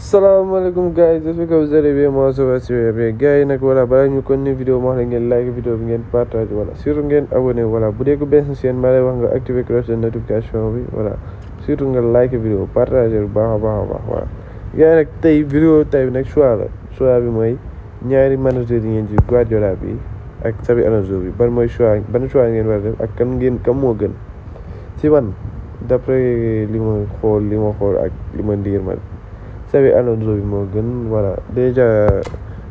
salaamaaleykum gars yi j'espère que vous allez bien moi ça gars yi nag voilà balaa ñu continuer vidéo moo xam ne ngeen like bi ngeen partage voilà surtout geen abonné voilà bu dee ko benn chaîne maa lay wax nga activer cloche de notification bi voilà surtout nga like vidéo partage bu baax a baax a baax voilà gars yi nag tey vidéo tey bi nag choix la bi mooy ñaari manager yi ngeen ci Guardiola bi ak Xabi Alonso bi ban mooy choix ban choix ngeen war a def ak kan ngeen kan moo gën ci man d'après li ma xool li ma xool ak li ma ndiir man Xabi Alonso bi moo gën voilà déjà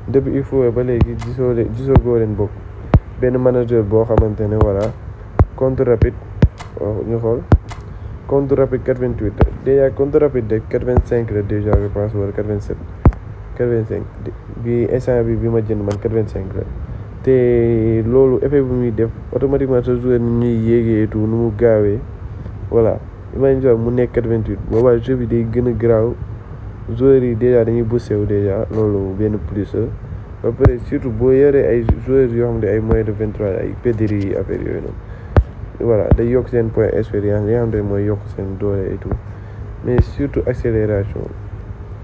depuis il faut ba léegi gisoo leen gisoo goo leen bokk benn manager boo xamante ne voilà contre ñu xool contre rapide 88 déjà contre rapide de 85 la déjà je pense wala 87 85 bi instant bi bi ma jën man 85 la te loolu effet bu muy def automatiquement sa joueur ni ñuy yéegee tout nu mu gaawee voilà imagine mu nekk 88 boobaa jeu bi day gën a garaaw joueurs yi déjà dañuy bossé wu déjà loolu benn plus surtout boo yoree ay joueurs yoo xam ne ay moyens de vingt trois ay Pedri yi yooyu noonu voilà day yokk seen point expérience yi nga xam ne mooy yokk seen doole et tout mais surtout accélération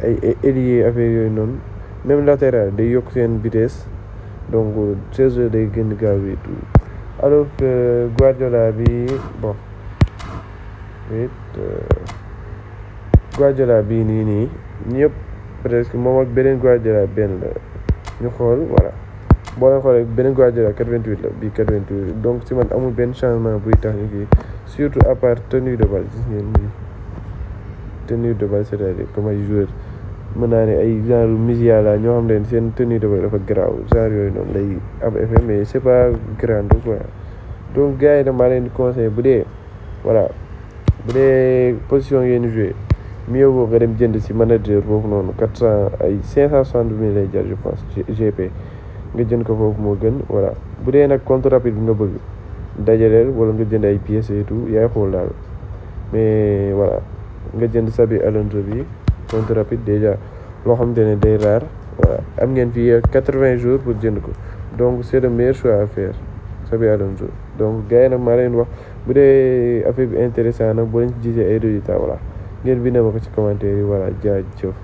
ay ailier affaire yooyu noonu même latéral day yokk seen vitesse donc ces joueurs day gën gaaw et tout alors que Guardiola bi bon. Euh, Guardiola bii nii nii ñëpp presque moom ak beneen Guardiola benn la ñu xool voilà boo leen xoolee beneen Guardiola 88 la bii 88 donc ci man amul benn changement buy tax ñu kii surtout à part tenue de balle gis ngeen nii tenue de balle c'est-à-dire comme ay joueur mën naa ne ay genre Musiala ñoo xam ne seen tenue de balle dafa garaaw genre yooyu noonu lay am effet mais c'est pas grand quoi donc gars yi maa leen di conseillé bu dee voilà bu dee position ngeen joué mieux vaut nga dem jënd si manager foofu noonu quatre cent ay cinq cent soixante mille lay jar je pense GP nga jënd ko foofu moo gën voilà bu dee nag compte rapide bi nga bëgg dajaleel wala nga jënd ay pièces et tout yaay xool daal mais voilà nga jënd sabi alentour bi compte rapide déjà loo xamante ne day raar voilà am ngeen fi quatre vingt jours pour jënd ko donc c'est le meilleur choix affaire sabi alentour donc gars yi nag maa leen wax bu dee affaire bi intéressant nag boo leen ci gisee ay résultats voilà ngeen bi ma ko ci commentaire yi voilà jaajëf